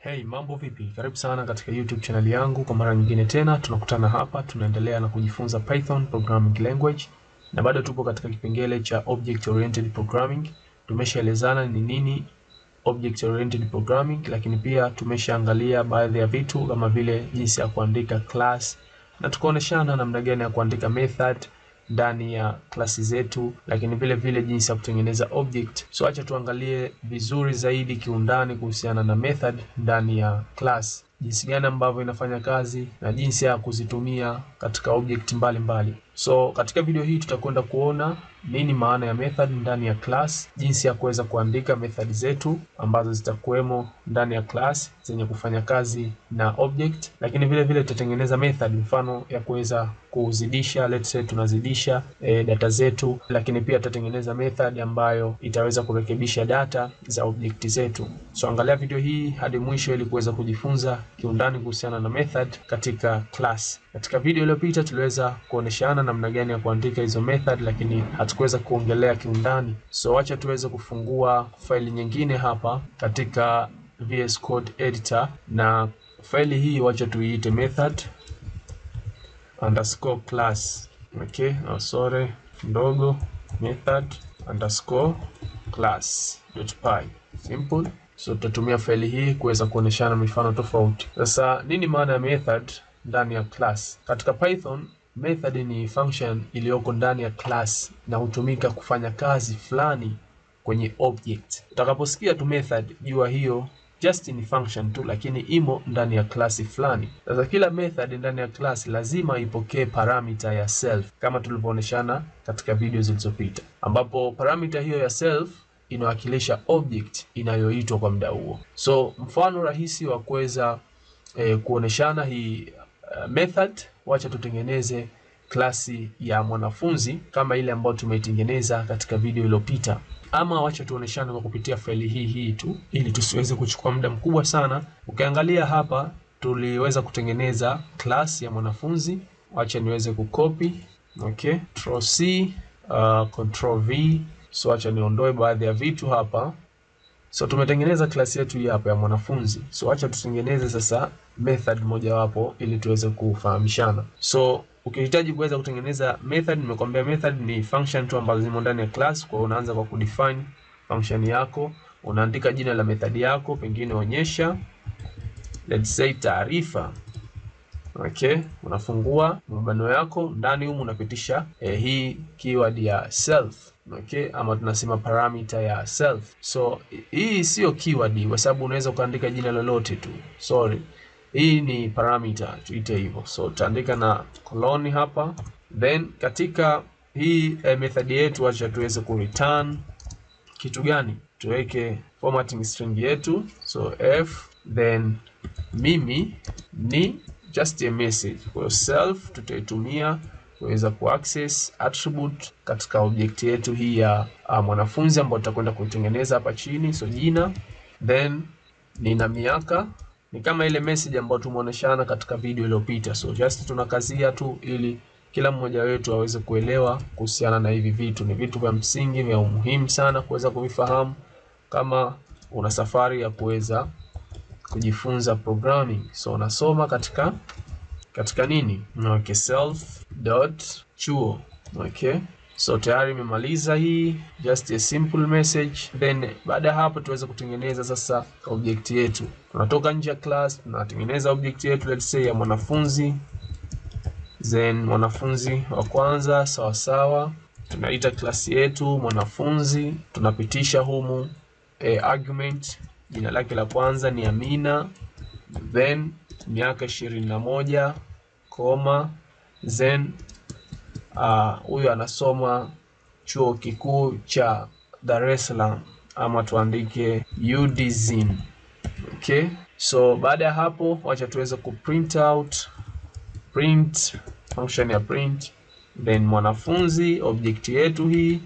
Hey, mambo vipi? Karibu sana katika YouTube channel yangu kwa mara nyingine tena. Tunakutana hapa, tunaendelea na kujifunza Python programming language, na bado tupo katika kipengele cha object oriented programming. Tumeshaelezana ni nini object oriented programming, lakini pia tumeshaangalia baadhi ya vitu kama vile jinsi ya kuandika class na tukaoneshana namna gani ya kuandika method ndani ya klasi zetu, lakini vile vile jinsi ya kutengeneza object. So acha tuangalie vizuri zaidi kiundani kuhusiana na method ndani ya class, jinsi gani ambavyo inafanya kazi na jinsi ya kuzitumia katika object mbalimbali mbali. So katika video hii tutakwenda kuona nini maana ya method ndani ya class, jinsi ya kuweza kuandika method zetu ambazo zitakuwemo ndani ya class zenye kufanya kazi na object, lakini vile vile tutatengeneza method mfano ya kuweza kuzidisha, let's say tunazidisha e, data zetu, lakini pia tutatengeneza method ambayo itaweza kurekebisha data za object zetu. So angalia video hii hadi mwisho ili kuweza kujifunza kiundani kuhusiana na method katika class. Katika video iliyopita tuliweza kuoneshana namna gani ya kuandika hizo method, lakini hatukuweza kuongelea kiundani, so acha tuweze kufungua faili nyingine hapa katika VS Code editor, na faili hii wacha tuiite method underscore class. Okay, oh, sorry ndogo method underscore class dot py simple. So tutatumia faili hii kuweza kuoneshana mifano tofauti. Sasa nini maana ya method ndani ya class katika Python? Method ni function iliyoko ndani ya class na hutumika kufanya kazi fulani kwenye object. Utakaposikia tu method, jua hiyo just ni function tu, lakini imo ndani ya klasi fulani. Sasa kila method ndani ya klasi lazima ipokee parameter ya self, kama tulivyooneshana katika video zilizopita, ambapo parameter hiyo ya self inawakilisha object inayoitwa kwa muda huo. So mfano rahisi wa kuweza eh, kuoneshana hii uh, method wacha tutengeneze klasi ya mwanafunzi kama ile ambayo tumeitengeneza katika video iliyopita, ama wacha tuoneshane kwa kupitia faili hii hii tu ili tusiweze kuchukua muda mkubwa sana. Ukiangalia hapa tuliweza kutengeneza klasi ya mwanafunzi, wacha niweze kukopi. Okay, Control C, uh, Control V. So acha niondoe baadhi ya vitu hapa. So tumetengeneza klasi yetu hii hapa ya mwanafunzi. So acha tutengeneze sasa method mojawapo ili tuweze kufahamishana. So ukihitaji kuweza kutengeneza method, nimekuambia method ni function tu ambazo zimo ndani ya class. Kwa unaanza kwa kudefine function yako, unaandika jina la method yako, pengine onyesha let's say taarifa Okay, unafungua mabano yako ndani humu unapitisha eh, hii keyword ya self Okay, ama tunasema parameter ya self. So hii sio keyword kwa sababu unaweza ukaandika jina lolote tu. Sorry. Hii ni parameter tuite hivyo. So tutaandika na colon hapa. Then katika hii eh, method yetu acha tuweze ku return kitu gani? Tuweke formatting string yetu. So f then mimi ni just a message. Kwa self tutaitumia kuweza kuaccess attribute katika object yetu hii ya uh, mwanafunzi ambao tutakwenda kuitengeneza hapa chini. So jina, then nina miaka ni kama ile message ambayo tumeoneshana katika video iliyopita. So just tunakazia tu ili kila mmoja wetu aweze kuelewa kuhusiana na hivi vitu. Ni vitu vya msingi vya umuhimu sana kuweza kuvifahamu kama una safari ya kuweza kujifunza programming. So unasoma katika katika nini? Okay, self dot chuo. Okay, so tayari imemaliza hii, just a simple message. Then baada ya hapo tuweze kutengeneza sasa object yetu. Tunatoka nje ya class, tunatengeneza object yetu, let's say ya mwanafunzi, then mwanafunzi wa kwanza, sawa sawa tunaita klasi yetu mwanafunzi, tunapitisha humu eh, argument. Jina lake la kwanza ni Amina, then miaka ishirini na moja koma then ah, huyu uh, anasoma chuo kikuu cha Dar es Salaam ama tuandike UDSM. Okay, so baada ya hapo, wacha tuweze ku print out print function ya print, then mwanafunzi object yetu hii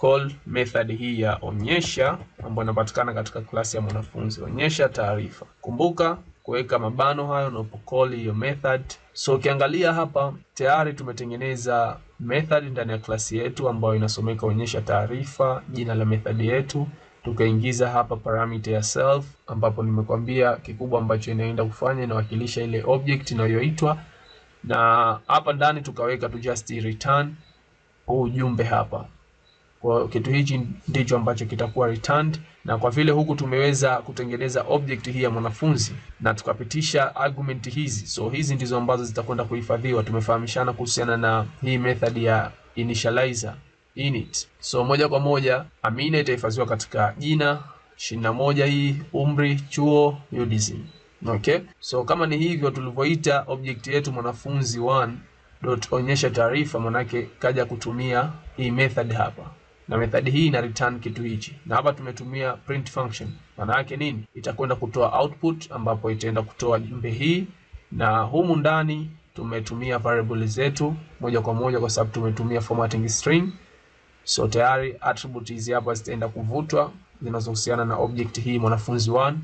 call method hii ya onyesha ambayo inapatikana katika klasi ya mwanafunzi onyesha taarifa. Kumbuka kuweka mabano hayo unapokoli hiyo method. So ukiangalia hapa tayari tumetengeneza method ndani ya klasi yetu ambayo inasomeka onyesha taarifa, jina la method yetu tukaingiza hapa parameter ya self, ambapo nimekwambia kikubwa ambacho inaenda kufanya inawakilisha ile object inayoitwa, na hapa ndani tukaweka tu just return huu ujumbe hapa. Kwa kitu hichi ndicho ambacho kitakuwa returned, na kwa vile huku tumeweza kutengeneza object hii ya mwanafunzi na tukapitisha argument hizi, so hizi ndizo ambazo zitakwenda kuhifadhiwa. Tumefahamishana kuhusiana na hii method ya initializer init. So moja kwa moja Amina itahifadhiwa katika jina ishirini na moja hii umri chuo UDSM. Okay, so kama ni hivyo tulivyoita object yetu mwanafunzi 1 dot onyesha taarifa, manake kaja kutumia hii method hapa na methodi hii ina return kitu hichi, na hapa tumetumia print function. Maana yake nini? Itakwenda kutoa output, ambapo itaenda kutoa jumbe hii, na humu ndani tumetumia variable zetu moja kwa moja, kwa sababu tumetumia formatting string. So tayari attribute hizi hapa zitaenda kuvutwa zinazohusiana na object hii mwanafunzi 1,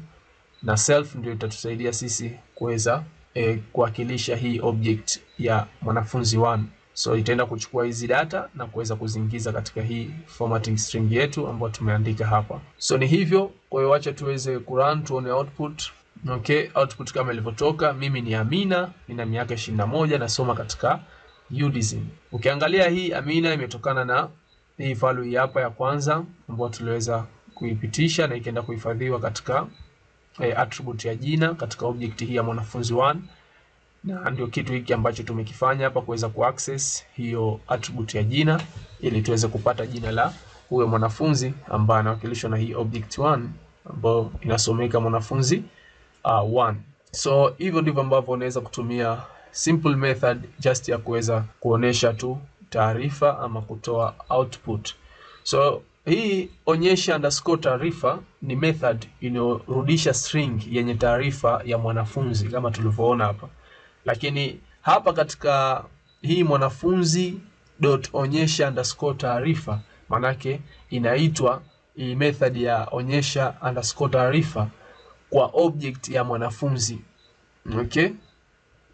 na self ndio itatusaidia sisi kuweza eh, kuwakilisha hii object ya mwanafunzi 1. So itaenda kuchukua hizi data na kuweza kuziingiza katika hii formatting string yetu ambayo tumeandika hapa. So ni hivyo. Kwa hiyo acha tuweze kurun tuone output. Okay, output kama ilivyotoka. Mimi ni Amina, nina miaka 21, nasoma katika UDSM. Ukiangalia hii Amina imetokana na hii value hapa ya kwanza ambayo tuliweza kuipitisha na ikaenda kuhifadhiwa katika eh, attribute ya jina katika object hii ya mwanafunzi 1 na ah, ndio kitu hiki ambacho tumekifanya hapa kuweza kuaccess hiyo attribute ya jina ili tuweze kupata jina la huyo mwanafunzi ambaye anawakilishwa na hii object 1 ambayo inasomeka mwanafunzi 1. Uh, ah, so hivyo ndivyo ambavyo unaweza kutumia simple method just ya kuweza kuonesha tu taarifa ama kutoa output. So hii onyesha underscore taarifa ni method inayorudisha string yenye taarifa ya mwanafunzi kama tulivyoona hapa. Lakini hapa katika hii mwanafunzi dot onyesha underscore taarifa, manake inaitwa hii method ya onyesha underscore taarifa kwa object ya mwanafunzi. Okay,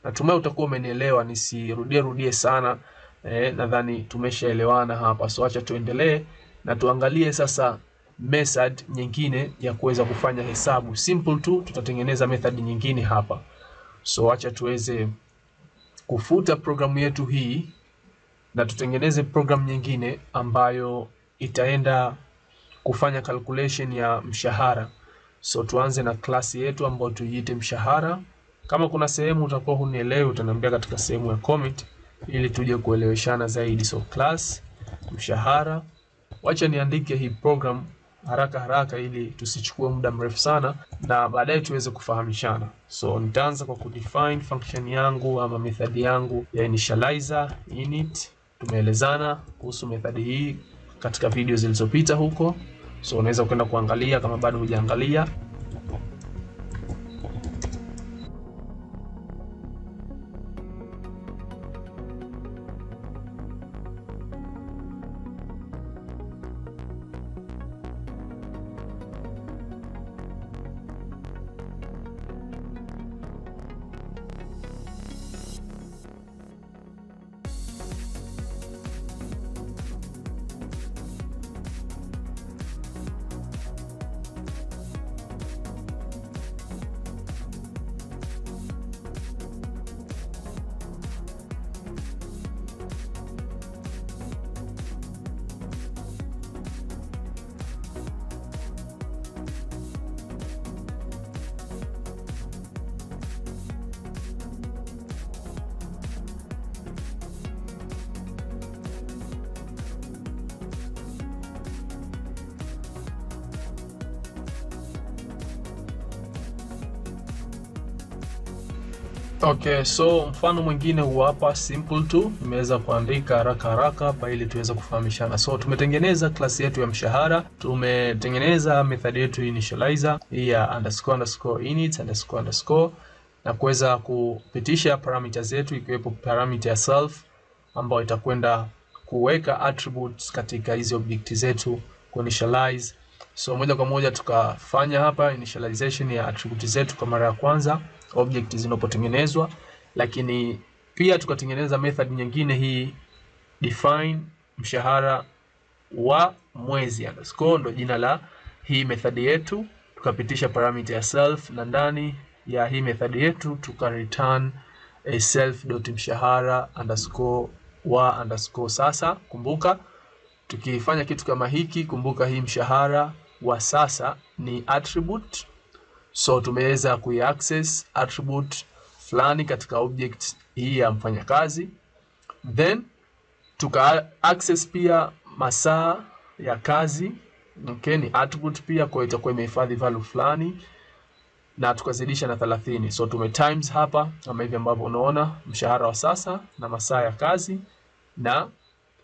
natumai utakuwa umenielewa, nisirudie rudie sana. Eh, nadhani tumeshaelewana hapa, so acha tuendelee na tuangalie sasa method nyingine ya kuweza kufanya hesabu simple tu. Tutatengeneza method nyingine hapa. So acha tuweze kufuta programu yetu hii na tutengeneze programu nyingine ambayo itaenda kufanya calculation ya mshahara. So tuanze na klasi yetu ambayo tuiite mshahara. Kama kuna sehemu utakuwa hunielewi, utaniambia katika sehemu ya comment ili tuje kueleweshana zaidi. So class mshahara, wacha niandike hii program haraka haraka ili tusichukue muda mrefu sana na baadaye tuweze kufahamishana. So nitaanza kwa kudefine function yangu ama method yangu ya initializer init. Tumeelezana kuhusu method hii katika video zilizopita huko, so unaweza kwenda kuangalia kama bado hujaangalia. Okay, so mfano mwingine huu hapa simple tu, nimeweza kuandika haraka haraka hapa ili tuweze kufahamishana. So tumetengeneza klasi yetu ya mshahara, tumetengeneza method yetu initializer hii ya underscore underscore init underscore underscore na kuweza kupitisha parameters zetu ikiwepo parameter ya self ambayo itakwenda kuweka attributes katika hizi object zetu ku initialize. So moja kwa moja tukafanya hapa initialization ya attributes zetu kwa mara ya kwanza object zinapotengenezwa, lakini pia tukatengeneza method nyingine hii define mshahara wa mwezi underscore, ndo jina la hii method yetu. Tukapitisha parameter ya self na ndani ya hii method yetu tuka return a self dot mshahara underscore wa underscore. Sasa kumbuka, tukifanya kitu kama hiki, kumbuka hii mshahara wa sasa ni attribute So tumeweza kuiaccess attribute fulani katika object hii ya mfanyakazi, then tuka access pia masaa ya kazi okay, ni attribute pia, kwa itakuwa imehifadhi value fulani na tukazidisha na 30. So tume times hapa kama hivi ambavyo unaona mshahara wa sasa na masaa ya kazi na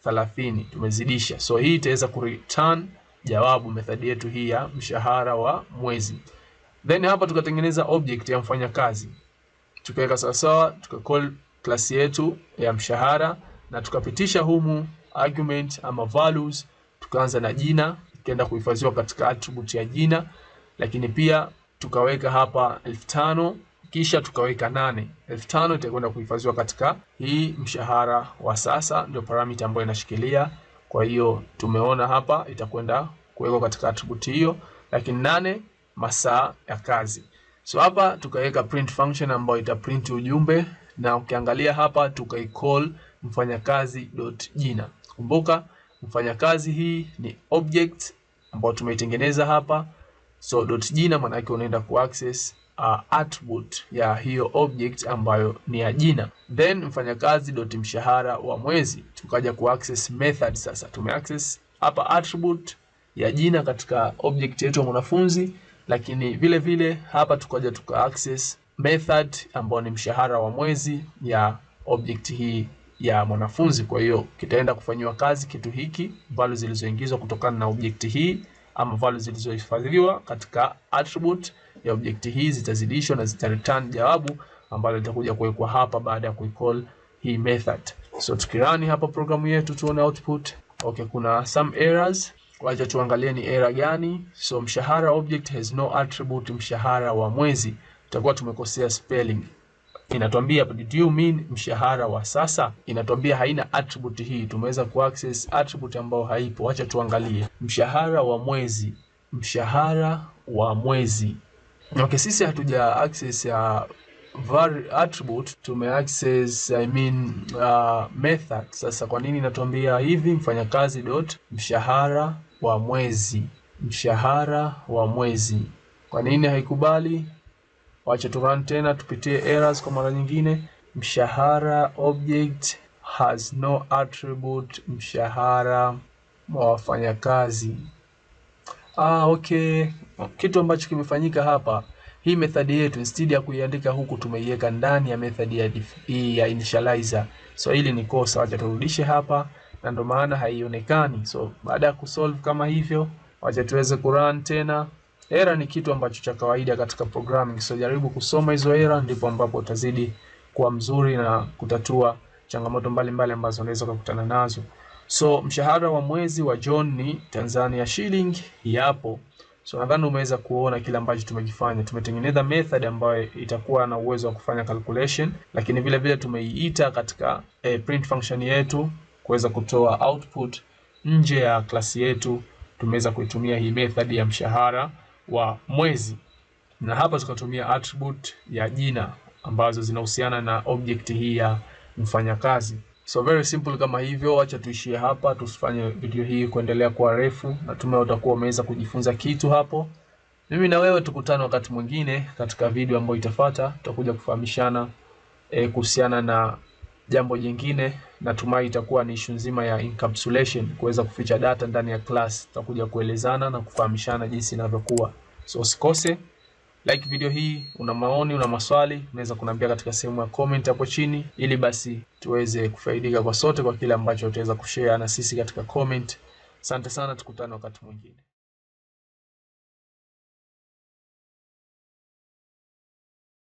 30 tumezidisha. So hii itaweza kureturn jawabu method yetu hii ya mshahara wa mwezi. Then hapa tukatengeneza object ya mfanyakazi, tukaweka sawasawa, call class yetu ya mshahara na tukapitisha humu argument ama values. Tukaanza na jina, tukaenda kuhifadhiwa katika attribute ya jina, lakini pia tukaweka hapa elfu tano kisha tukaweka nane. Elfu tano itakwenda kuhifadhiwa katika hii mshahara wa sasa, ndio parameter ambayo inashikilia. Kwa hiyo tumeona hapa itakwenda kuwekwa katika attribute hiyo, lakini nane masaa ya kazi. So hapa tukaweka print function ambayo ita print ujumbe, na ukiangalia hapa tukai tukaicall mfanyakazi.jina. Kumbuka mfanyakazi hii ni object ambayo tumeitengeneza hapa, so dot jina maana yake unaenda ku kuaccess uh, attribute ya hiyo object ambayo ni ya jina, then mfanyakazi dot mshahara wa mwezi. Tukaja ku access method. Sasa Tume access hapa attribute ya jina katika object yetu ya mwanafunzi lakini vile vile hapa tukaja tuka access method ambayo ni mshahara wa mwezi ya object hii ya mwanafunzi. Kwa hiyo kitaenda kufanyiwa kazi kitu hiki, value zilizoingizwa kutokana na object hii ama value zilizohifadhiwa katika attribute ya object hii zitazidishwa na return jawabu ambalo litakuja kuwekwa hapa baada ya kuicall hii method. So tukirani hapa programu yetu tuone output. Okay, kuna some errors Wacha tuangalie ni error gani. So mshahara object has no attribute, mshahara wa mwezi. Tutakuwa tumekosea spelling. Inatuambia do you mean mshahara wa sasa? Inatuambia haina attribute hii. Tumeweza ku access attribute ambayo haipo. Wacha tuangalie mshahara wa mwezi, mshahara wa mwezi. Okay, sisi hatuja access ya var attribute, tume access I mean uh, method. Sasa kwa nini inatuambia hivi? Mfanyakazi dot mshahara wa mwezi, mshahara wa mwezi. Kwa nini haikubali? Wacha turun tena tupitie errors kwa mara nyingine. Mshahara object has no attribute, mshahara wa wafanyakazi. Ah, okay, kitu ambacho kimefanyika hapa hii method yetu instead ya kuiandika huku tumeiweka ndani ya method ya, ya initializer. So hili ni kosa, acha turudishe hapa na ndo maana haionekani. So baada ya kusolve kama hivyo, wacha tuweze kurun tena. Error ni kitu ambacho cha kawaida katika programming, so jaribu kusoma hizo error, ndipo ambapo utazidi kuwa mzuri na kutatua changamoto mbalimbali ambazo unaweza kukutana nazo. So mshahara wa mwezi wa John ni Tanzania shilling yapo. So nadhani umeweza kuona kile ambacho tumekifanya. Tumetengeneza method ambayo itakuwa na uwezo wa kufanya calculation, lakini vile vile tumeiita katika eh, print function yetu kuweza kutoa output nje ya klasi yetu, tumeweza kuitumia hii method ya mshahara wa mwezi, na hapa tukatumia attribute ya jina ambazo zinahusiana na object hii ya mfanyakazi. So very simple kama hivyo, acha tuishie hapa, tusifanye video hii kuendelea kuwa refu. Natumai utakuwa umeweza kujifunza kitu hapo. Mimi na wewe tukutane wakati mwingine katika video ambayo itafuata, tutakuja kufahamishana e, kuhusiana na Jambo jingine natumai itakuwa ni issue nzima ya encapsulation, kuweza kuficha data ndani ya class. Tutakuja kuelezana na kufahamishana jinsi inavyokuwa, so usikose like video hii. Una maoni, una maswali, unaweza kuniambia katika sehemu ya comment hapo chini, ili basi tuweze kufaidika kwa sote kwa kile ambacho utaweza kushare na sisi katika comment. Asante sana, tukutane wakati mwingine.